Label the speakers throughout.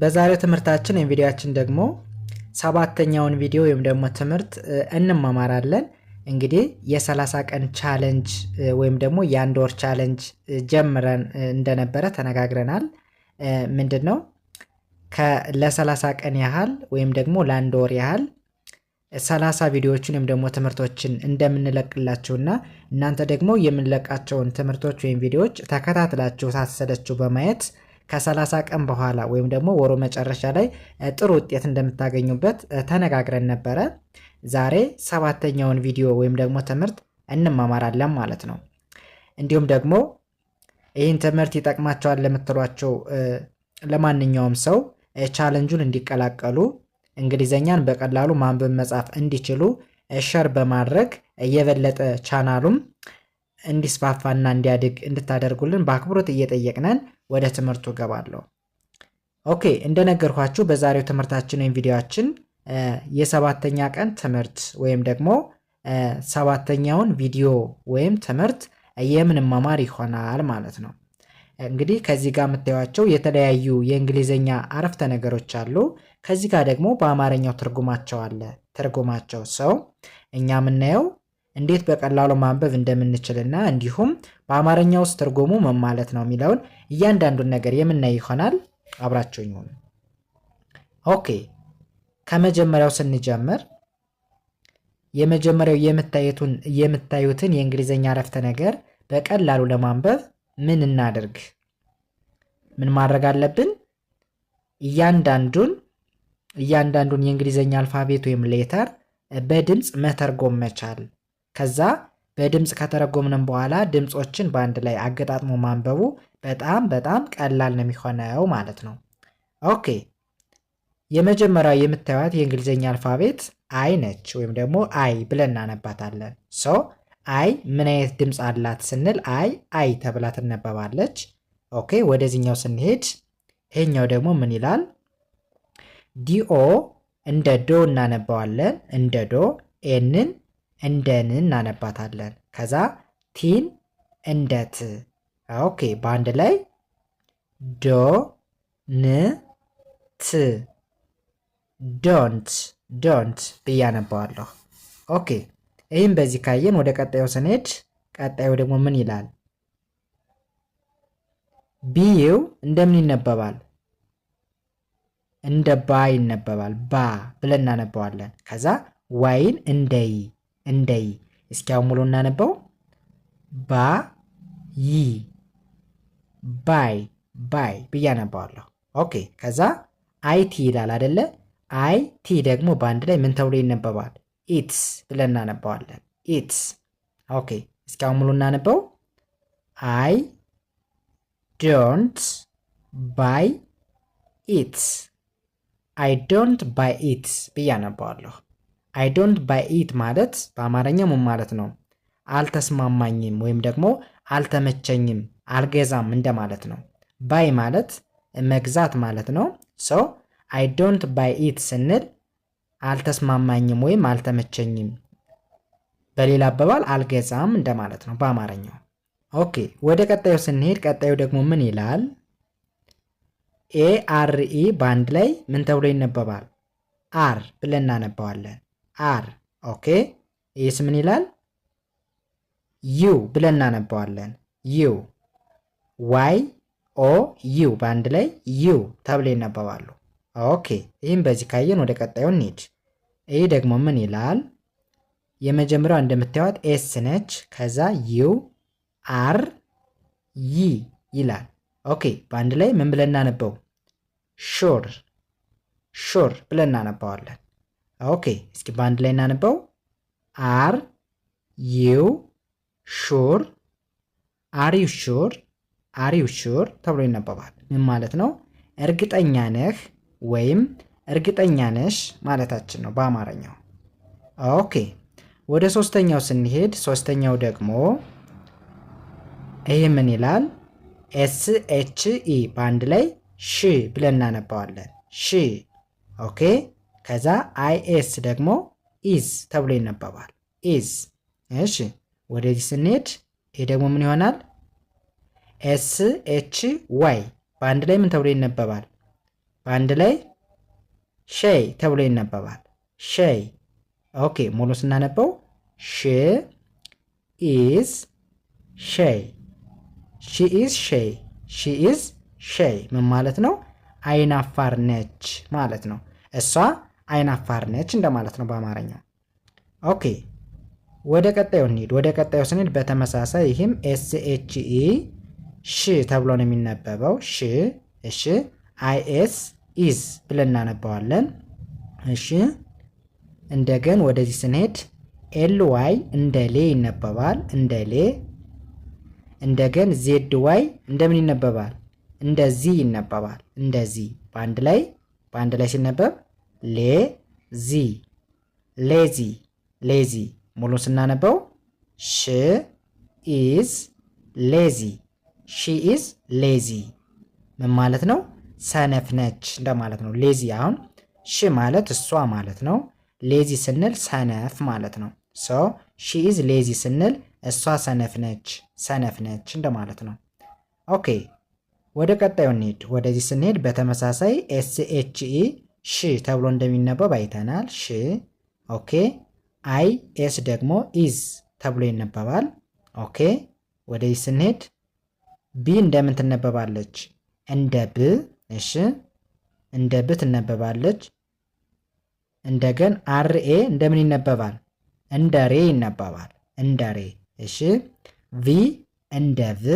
Speaker 1: በዛሬው ትምህርታችን ወይም ቪዲዮችን ደግሞ ሰባተኛውን ቪዲዮ ወይም ደግሞ ትምህርት እንማማራለን። እንግዲህ የ30 ቀን ቻለንጅ ወይም ደግሞ የአንድ ወር ቻለንጅ ጀምረን እንደነበረ ተነጋግረናል። ምንድን ነው ለ30 ቀን ያህል ወይም ደግሞ ለአንድ ወር ያህል 30 ቪዲዮዎችን ወይም ደግሞ ትምህርቶችን እንደምንለቅላችሁና እናንተ ደግሞ የምንለቃቸውን ትምህርቶች ወይም ቪዲዮዎች ተከታትላችሁ ሳሰለችሁ በማየት ከ30 ቀን በኋላ ወይም ደግሞ ወሩ መጨረሻ ላይ ጥሩ ውጤት እንደምታገኙበት ተነጋግረን ነበረ። ዛሬ ሰባተኛውን ቪዲዮ ወይም ደግሞ ትምህርት እንማማራለን ማለት ነው። እንዲሁም ደግሞ ይህን ትምህርት ይጠቅማቸዋል ለምትሏቸው ለማንኛውም ሰው ቻለንጁን እንዲቀላቀሉ እንግሊዘኛን በቀላሉ ማንበብ መጻፍ እንዲችሉ ሸር በማድረግ የበለጠ ቻናሉም እንዲስፋፋና እንዲያድግ እንድታደርጉልን በአክብሮት እየጠየቅነን ወደ ትምህርቱ ገባለሁ። ኦኬ እንደነገርኳችሁ በዛሬው ትምህርታችን ወይም ቪዲዮችን የሰባተኛ ቀን ትምህርት ወይም ደግሞ ሰባተኛውን ቪዲዮ ወይም ትምህርት የምንማማር ይሆናል ማለት ነው። እንግዲህ ከዚህ ጋር የምታዩቸው የተለያዩ የእንግሊዝኛ አረፍተ ነገሮች አሉ። ከዚህ ጋር ደግሞ በአማርኛው ትርጉማቸው አለ። ትርጉማቸው ሰው እኛ የምናየው እንዴት በቀላሉ ማንበብ እንደምንችልና እንዲሁም በአማርኛ ውስጥ ትርጉሙ ምን ማለት ነው የሚለውን እያንዳንዱን ነገር የምናይ ይሆናል። አብራችሁኝ ሁኑ። ኦኬ ከመጀመሪያው ስንጀምር የመጀመሪያው የምታዩትን የምታዩትን የእንግሊዝኛ አረፍተ ነገር በቀላሉ ለማንበብ ምን እናደርግ? ምን ማድረግ አለብን? እያንዳንዱን እያንዳንዱን የእንግሊዝኛ አልፋቤት ወይም ሌተር በድምፅ መተርጎም መቻል። ከዛ በድምፅ ከተረጎምንም በኋላ ድምፆችን በአንድ ላይ አገጣጥሞ ማንበቡ በጣም በጣም ቀላል ነው የሚሆነው ማለት ነው። ኦኬ የመጀመሪያው የምታዩት የእንግሊዝኛ አልፋቤት አይ ነች፣ ወይም ደግሞ አይ ብለን እናነባታለን። ሶ አይ ምን አይነት ድምፅ አላት ስንል አይ አይ ተብላ ትነበባለች። ኦኬ ወደዚህኛው ስንሄድ ይሄኛው ደግሞ ምን ይላል? ዲኦ እንደ ዶ እናነባዋለን፣ እንደ ዶ ኤንን እንደንን እናነባታለን። ከዛ ቲን እንደ ት ኦኬ በአንድ ላይ ዶ ን ት ዶንት ዶንት ብዬ አነባዋለሁ። ኦኬ ይህም በዚህ ካየን ወደ ቀጣዩ ስንሄድ ቀጣዩ ደግሞ ምን ይላል? ቢዩ እንደምን ይነበባል? እንደ ባ ይነበባል። ባ ብለን እናነባዋለን። ከዛ ዋይን እንደይ እንደይ። እስኪያው ሙሉ እናነበው ባ ይ ባይ ባይ ብዬ አነባዋለሁ። ኦኬ ከዛ አይቲ ይላል አደለ? አይቲ ደግሞ በአንድ ላይ ምን ተብሎ ይነበባል? ኢትስ ብለን እናነባዋለን። ኢትስ ኦኬ። እስኪ ሙሉ እናነበው። አይ ዶንት ባይ ኢትስ አይ ዶንት ባይ ኢትስ ብዬ አነባዋለሁ። አይ ዶንት ባይ ኢት ማለት በአማርኛ ምን ማለት ነው? አልተስማማኝም ወይም ደግሞ አልተመቸኝም አልገዛም እንደማለት ነው። ባይ ማለት መግዛት ማለት ነው። ሶ አይ ዶንት ባይ ኢት ስንል አልተስማማኝም ወይም አልተመቸኝም፣ በሌላ አባባል አልገዛም እንደማለት ነው በአማርኛው። ኦኬ ወደ ቀጣዩ ስንሄድ ቀጣዩ ደግሞ ምን ይላል? ኤ አር ኢ በአንድ ላይ ምን ተብሎ ይነበባል? አር ብለን እናነባዋለን። አር ኦኬ። ይህስ ምን ይላል? ዩ ብለን እናነባዋለን። ዩ ዋይ ኦ ዩ በአንድ ላይ ዩ ተብለው ይነበባሉ። ኦኬ ይህም በዚህ ካየን ወደ ቀጣዩ እንሂድ። ይህ ደግሞ ምን ይላል? የመጀመሪያው እንደምታዩት ኤስ ነች። ከዛ ዩ አር ይ ይላል። ኦኬ በአንድ ላይ ምን ብለን እናነበው? ሹር ሹር ብለን እናነባዋለን። ኦኬ እስኪ በአንድ ላይ እናነበው። አር ዩ ሹር፣ አር ዩ ሹር አሪው ሹር ተብሎ ይነበባል። ምን ማለት ነው? እርግጠኛ ነህ ወይም እርግጠኛ ነሽ ማለታችን ነው በአማርኛው። ኦኬ ወደ ሶስተኛው ስንሄድ ሶስተኛው ደግሞ ይህ ምን ይላል? ኤስ ኤች ኢ በአንድ ላይ ሺ ብለን እናነባዋለን። ሺ ኦኬ። ከዛ አይ ኤስ ደግሞ ኢዝ ተብሎ ይነበባል። ኢዝ እሺ። ወደዚህ ስንሄድ ይህ ደግሞ ምን ይሆናል? ኤስ ኤች ዋይ በአንድ ላይ ምን ተብሎ ይነበባል? በአንድ ላይ ሸይ ተብሎ ይነበባል። ሸይ። ኦኬ ሙሉ ስናነበው ሺ ኢዝ ሸይ፣ ሺ ኢዝ ሺ ኢዝ ሸይ። ምን ማለት ነው? አይናፋር ነች ማለት ነው። እሷ አይናፋር ነች እንደማለት ነው በአማርኛው ኦኬ ወደ ቀጣዩ እንሂድ። ወደ ቀጣዩ ስንሄድ በተመሳሳይ ይህም ኢ ሽ ተብሎ ነው የሚነበበው። ሽ እሺ። አይኤስ ኢዝ ብለን እናነባዋለን። እሺ። እንደገን ወደዚህ ስንሄድ ኤል ዋይ እንደ ሌ ይነበባል። እንደ ሌ። እንደገን ዜድ ዋይ እንደምን ይነበባል? እንደዚህ ይነበባል። እንደዚህ በአንድ ላይ በአንድ ላይ ሲነበብ ሌ ዚ ሌዚ ሌዚ። ሙሉ ስናነበው ሽ ኢዝ ሌዚ ሺ ኢዝ ሌዚ ምን ማለት ነው? ሰነፍ ነች እንደማለት ነው። ሌዚ አሁን ሺ ማለት እሷ ማለት ነው። ሌዚ ስንል ሰነፍ ማለት ነው። ሶ ሺ ኢዝ ሌዚ ስንል እሷ ሰነፍ ነች፣ ሰነፍ ነች እንደማለት ነው። ኦኬ ወደ ቀጣዩ እንሄድ። ወደዚህ ስንሄድ በተመሳሳይ ኤስ ኤች ኢ ሺ ተብሎ እንደሚነበብ አይተናል። ሺ ኦኬ። አይ ኤስ ደግሞ ኢዝ ተብሎ ይነበባል። ኦኬ ወደዚህ ስንሄድ ቢ እንደምን ትነበባለች? እንደ ብ። እሺ እንደ ብ ትነበባለች። እንደገን አር ኤ እንደምን ይነበባል? እንደ ሬ ይነበባል። እንደ ሬ። እሺ ቪ እንደ ቭ።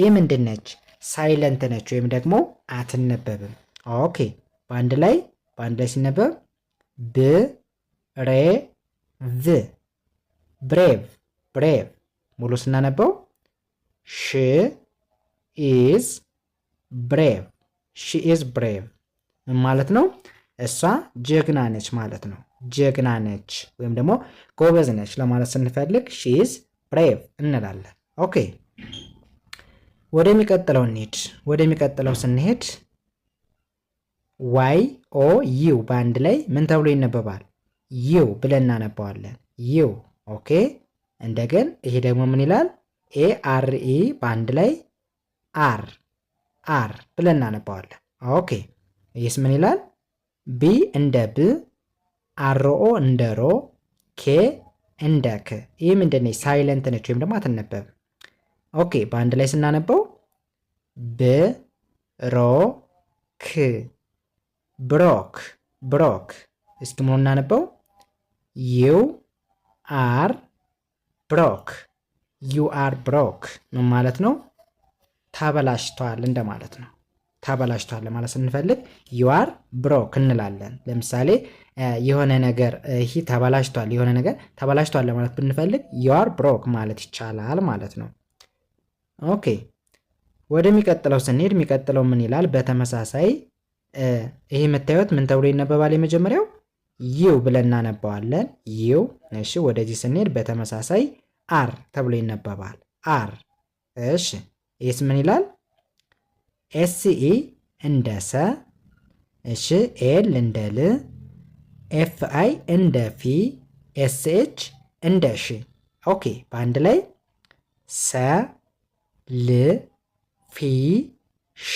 Speaker 1: ኤ ምንድን ነች? ሳይለንት ነች ወይም ደግሞ አትነበብም። ኦኬ በአንድ ላይ በአንድ ላይ ሲነበብ ብ ሬ ቭ ብሬቭ ብሬቭ ሙሉ ስናነበው ሽ ኢዝ ብሬቭ ሺ ኢዝ ብሬቭ ማለት ነው። እሷ ጀግና ነች ማለት ነው። ጀግና ነች ወይም ደግሞ ጎበዝ ነች ለማለት ስንፈልግ ሺ ኢዝ ብሬቭ እንላለን። ኦኬ ወደሚቀጥለው እንሂድ። ወደሚቀጥለው ስንሄድ ዋይ ኦ ዩው በአንድ ላይ ምን ተብሎ ይነበባል? ዩው ብለን እናነባዋለን። ዩው ኦኬ። እንደገን ይሄ ደግሞ ምን ይላል? ኤ አር ኢ በአንድ ላይ አር አር ብለን እናነባዋለን። ኦኬ ይህስ ምን ይላል? ቢ እንደ ብ፣ አርኦ እንደ ሮ፣ ኬ እንደ ክ። ይህ ምንድን ሳይለንት ነች ወይም ደግሞ አትነበብ። ኦኬ በአንድ ላይ ስናነበው ብ ሮ ክ ብሮክ ብሮክ። እስኪ ምኑ እናነበው ዩ አር ብሮክ ዩ አር ብሮክ ምን ማለት ነው? ተበላሽቷል እንደማለት ነው። ተበላሽቷል ለማለት ስንፈልግ ዩአር ብሮክ እንላለን። ለምሳሌ የሆነ ነገር ይህ ተበላሽቷል፣ የሆነ ነገር ተበላሽቷል ለማለት ብንፈልግ ዩአር ብሮክ ማለት ይቻላል ማለት ነው። ኦኬ ወደሚቀጥለው ስንሄድ የሚቀጥለው ምን ይላል? በተመሳሳይ ይህ የምታዩት ምን ተብሎ ይነበባል? የመጀመሪያው ይው ብለን እናነባዋለን። ይው እሺ። ወደዚህ ስንሄድ በተመሳሳይ አር ተብሎ ይነበባል። አር እሺ ኤስ ምን ይላል? ኤስ ኢ እንደ ሰ፣ እሺ ኤል እንደ ል፣ ኤፍ አይ እንደ ፊ፣ ኤስ ኤች እንደ ሺ። ኦኬ በአንድ ላይ ሰ ል ፊ ሽ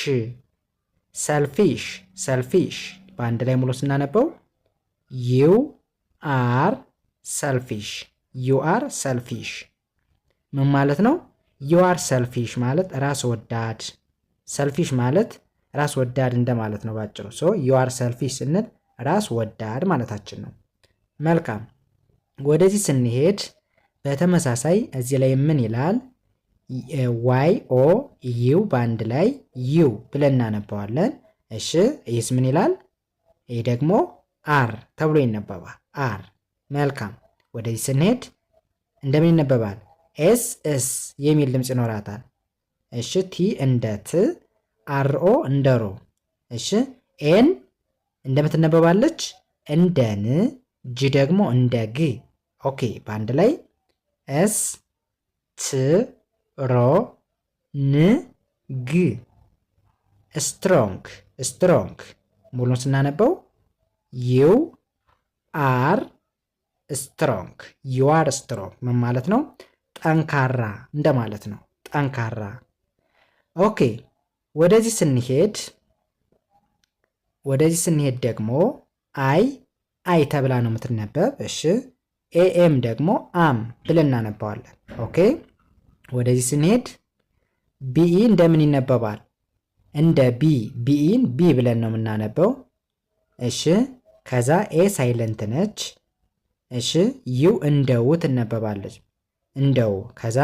Speaker 1: ሰልፊሽ ሰልፊሽ። በአንድ ላይ ሙሉ ስናነበው ዩ አር ሰልፊሽ ዩ አር ሰልፊሽ ምን ማለት ነው? ዩአር ሰልፊሽ ማለት ራስ ወዳድ፣ ሰልፊሽ ማለት ራስ ወዳድ እንደማለት ነው ባጭሩ። ሶ ዩአር ሰልፊሽ ስንል ራስ ወዳድ ማለታችን ነው። መልካም ወደዚህ ስንሄድ በተመሳሳይ እዚህ ላይ ምን ይላል? ዋይ ኦ ዩ በአንድ ላይ ዩ ብለን እናነባዋለን። እሺ ይህስ ምን ይላል? ይህ ደግሞ አር ተብሎ ይነበባል። አር መልካም። ወደዚህ ስንሄድ እንደምን ይነበባል? ኤስ የሚል ድምፅ ይኖራታል። እሺ ቲ እንደ ት፣ አር እንደ ሮ። እሺ ኤን እንደምትነበባለች እንደ ን፣ ጅ ደግሞ እንደ ግ። ኦኬ በአንድ ላይ ኤስ ት ሮ ን ግ ስትሮንግ ስትሮንግ ሙሉን ስናነበው ዩ አር ስትሮንግ ዩ አር ስትሮንግ ምን ማለት ነው? ጠንካራ እንደማለት ነው። ጠንካራ። ኦኬ፣ ወደዚህ ስንሄድ ወደዚህ ስንሄድ ደግሞ አይ አይ ተብላ ነው የምትነበብ። እሺ፣ ኤኤም ደግሞ አም ብለን እናነባዋለን። ኦኬ፣ ወደዚህ ስንሄድ ቢኢ እንደምን ይነበባል? እንደ ቢ ቢኢን ቢ ብለን ነው የምናነበው። እሺ፣ ከዛ ኤ ሳይለንት ነች። እሺ፣ ዩ እንደ ው ትነበባለች። እንደው ከዛ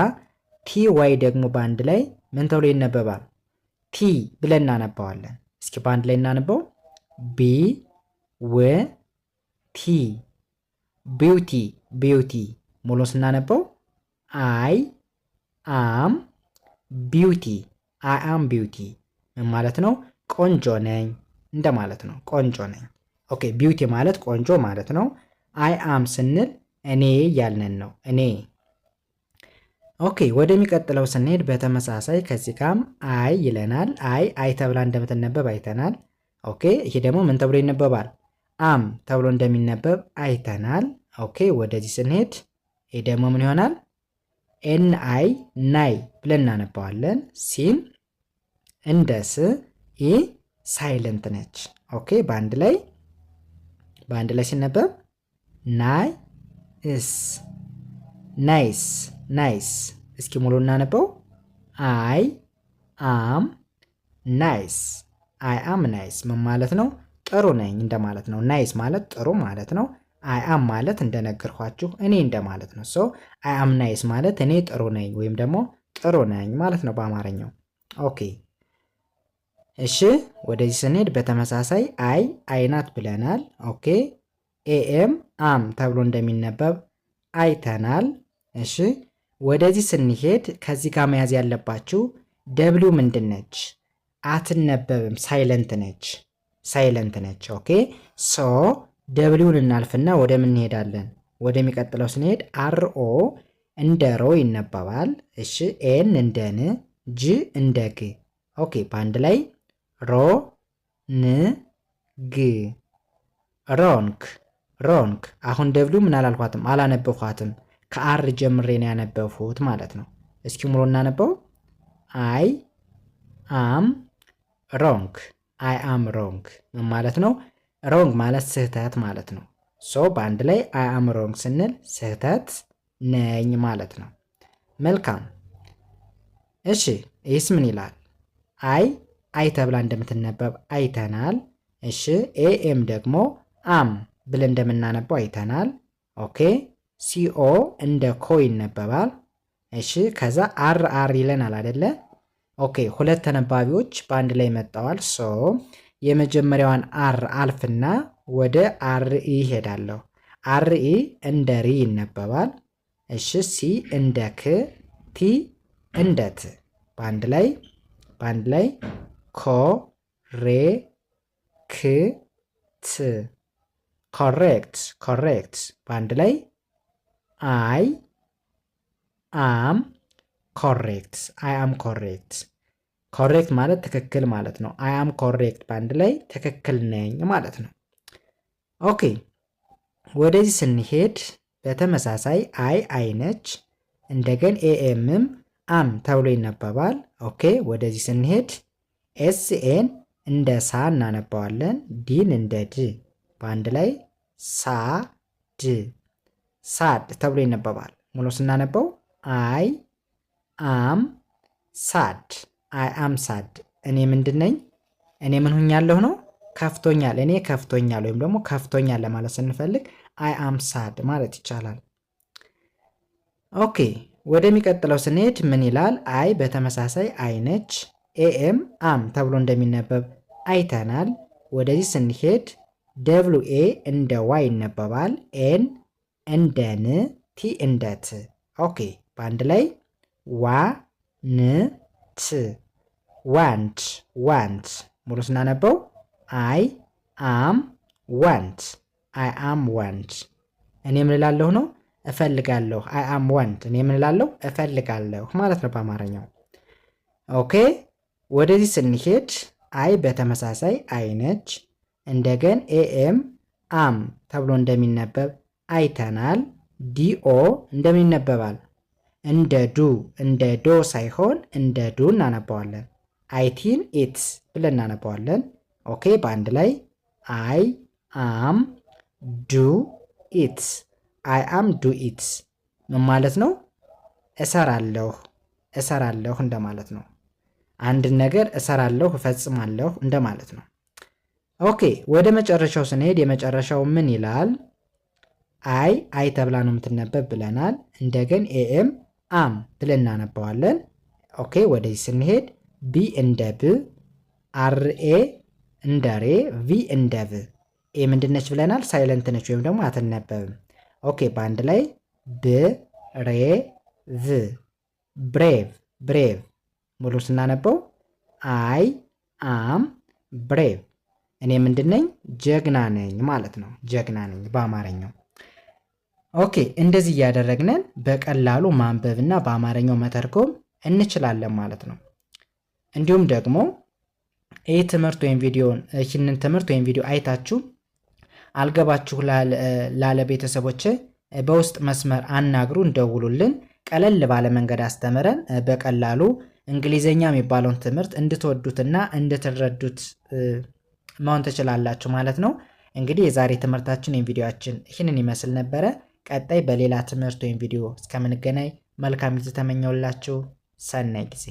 Speaker 1: ቲ ዋይ ደግሞ በአንድ ላይ ምን ተብሎ ይነበባል? ቲ ብለን እናነባዋለን። እስኪ በአንድ ላይ እናነበው። ቢ ው ቲ ቢዩቲ ቢዩቲ ሙሉ ስናነበው አይ አም ቢዩቲ አይ አም ቢዩቲ ማለት ነው? ቆንጆ ነኝ እንደማለት ነው። ቆንጆ ነኝ። ኦኬ ቢዩቲ ማለት ቆንጆ ማለት ነው። አይ አም ስንል እኔ ያልነን ነው እኔ ኦኬ ወደሚቀጥለው ስንሄድ በተመሳሳይ ከዚህ ጋም አይ ይለናል። አይ አይ ተብላ እንደምትነበብ አይተናል። ኦኬ ይሄ ደግሞ ምን ተብሎ ይነበባል? አም ተብሎ እንደሚነበብ አይተናል። ኦኬ ወደዚህ ስንሄድ ይሄ ደግሞ ምን ይሆናል? ኤን አይ ናይ ብለን እናነባዋለን። ሲን እንደ ስ ኢ ሳይለንት ነች። ኦኬ በአንድ ላይ በአንድ ላይ ሲነበብ ናይ እስ ናይስ ናይስ። እስኪ ሙሉ እናነበው። አይ አም ናይስ፣ አይ አም ናይስ። ምን ማለት ነው? ጥሩ ነኝ እንደማለት ነው። ናይስ ማለት ጥሩ ማለት ነው። አይ አም ማለት እንደነገርኳችሁ እኔ እንደማለት ነው። ሶ አይ አም ናይስ ማለት እኔ ጥሩ ነኝ ወይም ደግሞ ጥሩ ነኝ ማለት ነው በአማርኛው። ኦኬ እሺ፣ ወደዚህ ስንሄድ በተመሳሳይ አይ አይናት ብለናል። ኦኬ ኤኤም አም ተብሎ እንደሚነበብ አይተናል። እሺ ወደዚህ ስንሄድ ከዚህ ጋር መያዝ ያለባችሁ ደብሊው ምንድን ነች? አትነበብም፣ ሳይለንት ነች። ሳይለንት ነች። ኦኬ ሶ ደብሊውን እናልፍና ወደ ምን እንሄዳለን? ወደሚቀጥለው ስንሄድ አር ኦ እንደ ሮ ይነበባል። እሺ ኤን እንደ ን፣ ጂ እንደ ግ። ኦኬ በአንድ ላይ ሮ ን ግ ሮንክ ሮንክ። አሁን ደብሊው ምን አላልኳትም፣ አላነበኳትም? ከአር ጀምሬ ነው ያነበብኩት ማለት ነው። እስኪ ሙሉ እናነበው። አይ አም ሮንግ፣ አይ አም ሮንግ ማለት ነው። ሮንግ ማለት ስህተት ማለት ነው። ሶ በአንድ ላይ አይ አም ሮንግ ስንል ስህተት ነኝ ማለት ነው። መልካም እሺ፣ ይህስ ምን ይላል? አይ አይ ተብላ እንደምትነበብ አይተናል። እሺ፣ ኤኤም ደግሞ አም ብለን እንደምናነበው አይተናል። ኦኬ ሲኦ እንደ ኮ ይነበባል። እሺ ከዛ አር አር ይለናል አደለ? ኦኬ ሁለት ተነባቢዎች በአንድ ላይ መጠዋል። ሶ የመጀመሪያዋን አር አልፍና ወደ አር ኢ ይሄዳለሁ። አር ኢ እንደ ሪ ይነበባል። እሺ ሲ እንደ ክ፣ ቲ እንደ ት በአንድ ላይ በአንድ ላይ ኮ ሬ ክ ት ኮሬክት ኮሬክት በአንድ ላይ አይ አም ኮሬክት አይ አም ኮሬክት ኮሬክት ማለት ትክክል ማለት ነው። አይ አም ኮሬክት በአንድ ላይ ትክክል ነኝ ማለት ነው። ኦኬ ወደዚህ ስንሄድ በተመሳሳይ አይ አይ ነች። እንደገን ኤኤምም አም ተብሎ ይነበባል። ኦኬ ወደዚህ ስንሄድ ኤስኤን እንደ ሳ እናነባዋለን። ዲን እንደ ድ በአንድ ላይ ሳ ድ ሳድ ተብሎ ይነበባል። ሙሉ ስናነበው አይ አም ሳድ አይ አም ሳድ እኔ ምንድን ነኝ? እኔ ምን ሁኛለሁ ነው ከፍቶኛል። እኔ ከፍቶኛል ወይም ደግሞ ከፍቶኛል ለማለት ስንፈልግ አይ አም ሳድ ማለት ይቻላል። ኦኬ ወደሚቀጥለው ስንሄድ ምን ይላል? አይ በተመሳሳይ አይ ነች ኤኤም አም ተብሎ እንደሚነበብ አይተናል። ወደዚህ ስንሄድ ደብሉ ኤ እንደ ዋይ ይነበባል። ኤን እንደ ን ቲ እንደ ት ኦኬ። በአንድ ላይ ዋ ን ት ዋንት ዋንት። ሙሉ ስናነበው አይ አም ዋንት አይ አም ዋንት። እኔ የምንላለሁ ነው እፈልጋለሁ። አይ አም ዋንት እኔ የምንላለሁ እፈልጋለሁ ማለት ነው በአማርኛው። ኦኬ ወደዚህ ስንሄድ አይ በተመሳሳይ አይ ነች። እንደገን ኤኤም አም ተብሎ እንደሚነበብ አይተናል። ዲኦ እንደምን ይነበባል? እንደ ዱ እንደ ዶ ሳይሆን እንደ ዱ እናነባዋለን። አይቲን ኢትስ ብለን እናነባዋለን። ኦኬ በአንድ ላይ አይ አም ዱ ኢትስ አይ አም ዱ ኢትስ ምን ማለት ነው? እሰራለሁ እሰራለሁ እንደማለት ነው። አንድን ነገር እሰራለሁ እፈጽማለሁ እንደማለት ነው። ኦኬ ወደ መጨረሻው ስንሄድ የመጨረሻው ምን ይላል? አይ አይ ተብላ ነው የምትነበብ ብለናል። እንደገን ኤኤም አም ብለን እናነባዋለን። ኦኬ ወደዚህ ስንሄድ ቢ እንደ ብ፣ አርኤ እንደ ሬ፣ ቪ እንደ ቭ። ኤ ምንድነች ብለናል? ሳይለንት ነች ወይም ደግሞ አትነበብም። ኦኬ በአንድ ላይ ብ ሬ ቭ ብሬቭ ብሬቭ ሙሉ ስናነበው አይ አም ብሬቭ እኔ ምንድነኝ? ጀግና ነኝ ማለት ነው። ጀግና ነኝ በአማርኛው ኦኬ እንደዚህ እያደረግነን በቀላሉ ማንበብና በአማርኛው መተርጎም እንችላለን ማለት ነው። እንዲሁም ደግሞ ይህ ትምህርት ወይም ቪዲዮን ይህንን ትምህርት ወይም ቪዲዮ አይታችሁ አልገባችሁ ላለ ቤተሰቦች በውስጥ መስመር አናግሩ፣ እንደውሉልን። ቀለል ባለ መንገድ አስተምረን በቀላሉ እንግሊዘኛ የሚባለውን ትምህርት እንድትወዱትና እንድትረዱት መሆን ትችላላችሁ ማለት ነው። እንግዲህ የዛሬ ትምህርታችን ወይም ቪዲዮችን ይህንን ይመስል ነበረ። ቀጣይ በሌላ ትምህርት ወይም ቪዲዮ እስከምንገናኝ መልካም ጊዜ ተመኘውላችሁ። ሰናይ ጊዜ